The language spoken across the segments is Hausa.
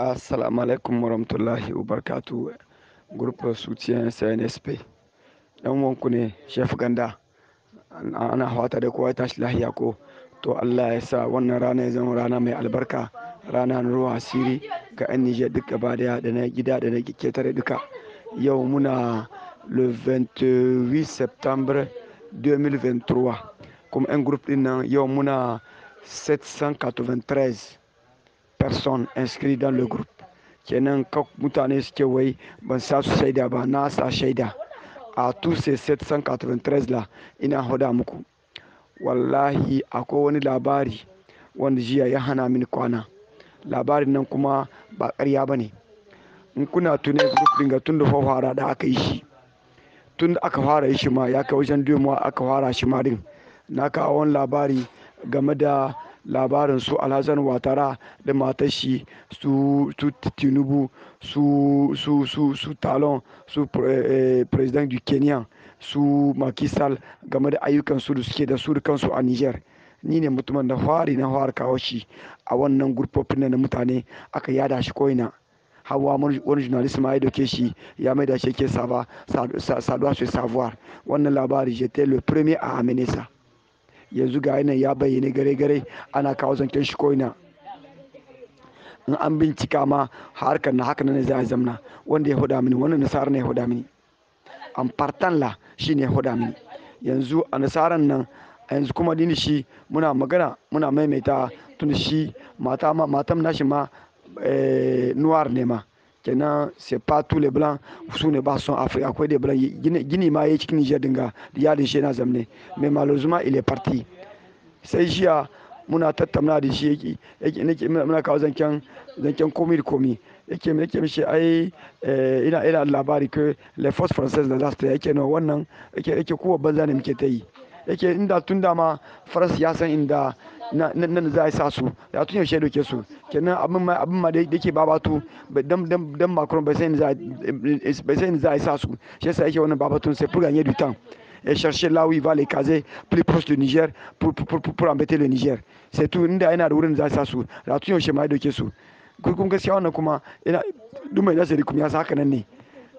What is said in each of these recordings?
Assalamu alaikum warahmatullahi wabarakatuh. Group Soutien CNSP. Dan wanku ne Chef Ganda. Ana hawata da kowa tashi lahiya ko to Allah ya sa wannan rana ya zama rana mai albarka rana ruwa asiri ga 'yan Nijar duk gaba daya da na gida da na ketare duka. Yau muna le 28 septembre 2023 kuma 'yan group din nan yau muna 793 personnes inscrites dans le groupe kenan ka mutane suke wai ban sa su shaida ba na sa shaida a tuse 793 la ina hoda muku wallahi akwai wani labari wanda jiya ya hana mini kwana labarin nan kuma ba ƙarya ba ne in kuna tune group dinga tun da fara da aka yi shi tun da aka fara yi shi ma ya kai wajen demo aka fara shi ma din na kawo wani labari game da labarin su alazan watara da matashi su tinubu su su su su talon su eh, eh, president du kenya su makisal game da ayyukan su da suke da su kansu a niger ni ne mutumin da fari na fara kawo shi a wannan gurfofin na mutane aka yada shi koina hawa wani journalist ma ya doke shi ya mai da shi ke saduwa su savoir wannan labari j'étais le premier à amener ça yanzu ga yanayi ya bayyana gare-gare ana kawo zancen shi ko'ina in an bincika ma harkar na haka na zai a zamna wanda ya huda mini wani nasara ne ya huda mini an fartan la shi ne ya huda mini yanzu a nasarar nan a yanzu kuma dini shi muna magana muna maimaita tun shi mata ma matam nashi ma eh, nuwar ne ma kenan c'est pas tous les blancs su ne ba son afrique akwai des blancs gini ma yayi cikin niger dinga ya yadin shi na zamne mais malheureusement il est parti sai jiya muna tattauna da shi yake yake nake muna kawo zancen zancen komi da komi yake yake mishi ai ina ina labari ke le force française de last yake no wannan yake yake kuwa banza ne muke ta yi yake inda tunda ma france ya san inda na nan za a sa su ya tun yaushe doke su kenan abin ma abin ma da yake babatu dan dan dan macron bai san za eh, bai san za isa su shi yasa yake wannan babatun sai pour gagner du temps et chercher là où il va les caser plus proche du Niger pour pour pour, pour embêter le Niger c'est tout inda yana da wurin za isa su da tun yaushe ma doke su kun gaskiya wannan kuma ina duk mai nasa rikumi ya haka nan ne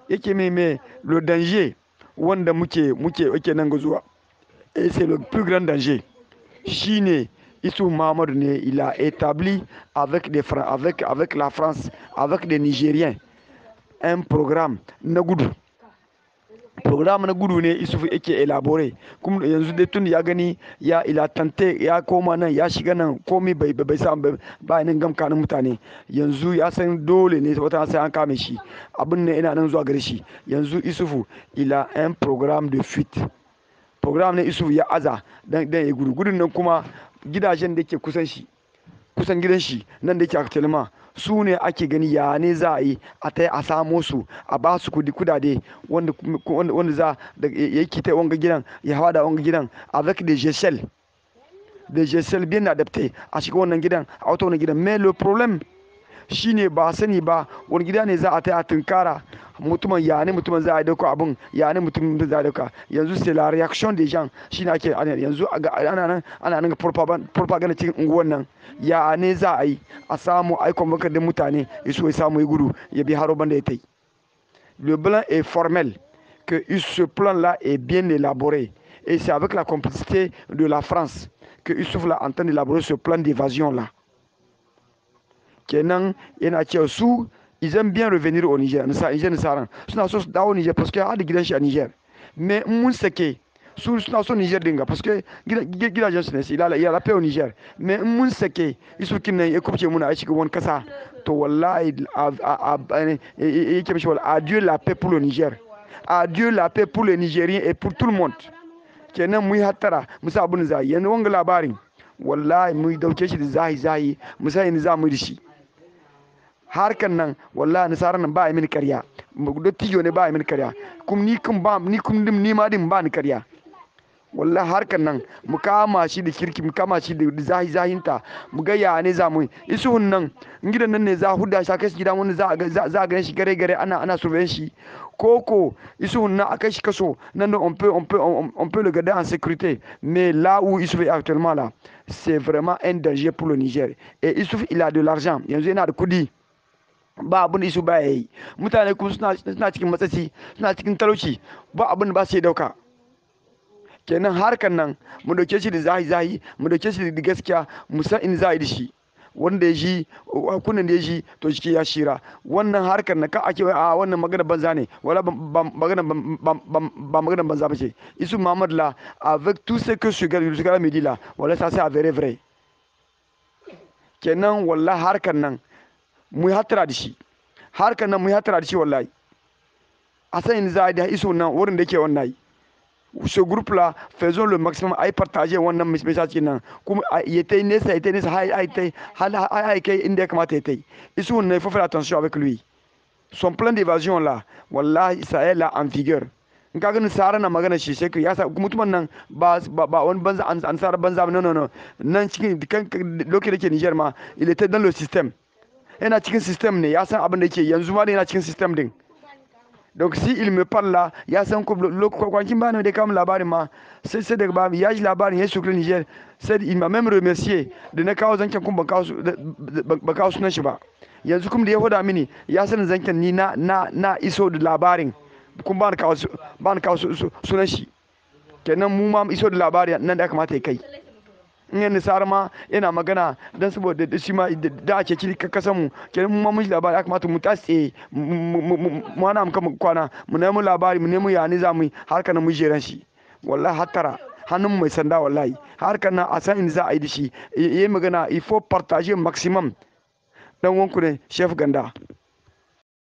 yake mai mai le danger wanda muke muke yake nan ga zuwa et eh, c'est le plus grand danger shine Issou Mahamadou, il a établi avec, des, avec, avec la France, avec les Nigériens, un programme nagudu programme na gudu ne isufu yake elabore kuma yanzu dai tun ya gani ya ilatante ya koma nan ya shiga nan komai bai bai sa ba nan gamkanin mutane yanzu ya san dole ne wata sai an kame shi abin ne ina nan zuwa gare shi yanzu isufu ila un programme de fuite programme ne isufu ya aza dan dan ya gudu gudun nan kuma gidajen da ke kusan shi kusan gidan shi nan da ke a telma su ne ake gani ya ne za a yi a ta a samo su a ba su kudi kudade wanda za da yake ta wanga gidan ya hawa da wanga gidan a zaka da jesel da jesel bien adapté a shiga wannan gidan a wata wannan gidan mais le problème shine ba sani ba wani gida ne za a taya tunkara mutumin ya ne mutumin za a dauka abin ya ne mutumin za a dauka yanzu sai la reaction des gens shine ake yanzu ana nan ana nan propaganda cikin unguwan nan ya ne za a yi a samu aikon bakar din mutane ya so ya samu ya gudu ya bi haro banda ya tai le blanc est formel que ce plan là est bien élaboré et c'est avec la complicité de la France que Youssouf l'a en train ce plan d'évasion là kenan yana cewa su izan biyan revenir au Niger Niger Nisaran suna so su dawo Niger parce que har da gidan shi a Niger me in mun sake su suna so Niger dinga parce que gidajen su ne sai lalace yara fayo Niger me in mun sake isu kin nan ya kubce muna a cikin wani kasa to wallahi yake mishi wal adieu la paix pour le Niger adieu la paix pour les Nigériens et pour tout le monde kenan mu yi hattara mu sa abin zai yanzu wanga labarin wallahi mu dauke shi da zahi zahi mu sa yanzu za mu da shi harkan nan wallahi nasarar nan ba a mini karya dattijo ne ba a mini karya kum ni kum ba ni kum dim ni ma dim ba ni karya wallahi harkan nan mu kama shi da kirki mu kama shi da zahi zahinta mu ga ya ne za mu isuhun nan in gidan nan ne za huda sha kai shi gidan za a za ga shi gare gare ana ana surveillance shi koko isuhun nan akai shi kaso nan da on peut on peut on peut le garder en sécurité mais là où il se fait actuellement là c'est vraiment un danger pour le Niger et Issouf il a de l'argent yanzu yana da kudi ba abin da isu ba ya yi mutane kuma suna cikin matsatsi suna cikin talauci ba abin da ba su yi dauka kenan harkan nan mu dauke shi da zahi zahi mu dauke shi da gaskiya mu san in za a yi da shi wanda ya shi kunnen da ya shi to shi ya shira wannan harkar na ka ake a wannan magana banza ne wala magana ba magana banza ba ce isu muhammad la avec tout ce que je regarde je regarde midi la wala ça c'est vrai vrai kenan wallahi harkar nan mu yi hattara da shi harkar nan mu yi hattara da shi wallahi a sanin za a da iso nan wurin da ke wannan so group la, faisons le maximum à partager wannan message nan kuma yi nesa yi nesa hay hay yi, hal hay hay kai inda kamata yi isu ne faut faire attention avec lui son plan d'évasion là wallahi ça est là en vigueur in ka gani sara na magana shi sai ya sa mutumin nan ba ba wani banza an sara banza no no no nan cikin kan lokacin da ke Niger ma il était dans le système yana cikin system ne ya san abin da yake yanzu ma yana cikin system din don si il me parle là ya san ko ba bani da kam labarin ma sai sai daga ba ya ji labarin ya shukri Niger sai il m'a même remercié da na kawo zanken kun ba kawo sunan shi ba yanzu kuma da ya hoda mini ya san zanken ni na na na iso da labarin kun ba ni kawo sunan shi kenan mu ma iso da labarin nan da ya kamata kai in yi nisar ma yana magana don saboda da shi ma da ake kiri ka mu kenan mu ma mun labari aka mata mu tatse mu hana muka kwana mu nemi labari mu nemi yani za mu har kana mu jeran shi wallahi hattara hannun mai sanda wallahi har kana a san in za a yi da shi yayi magana ifo partager maximum dan wanku ne chef ganda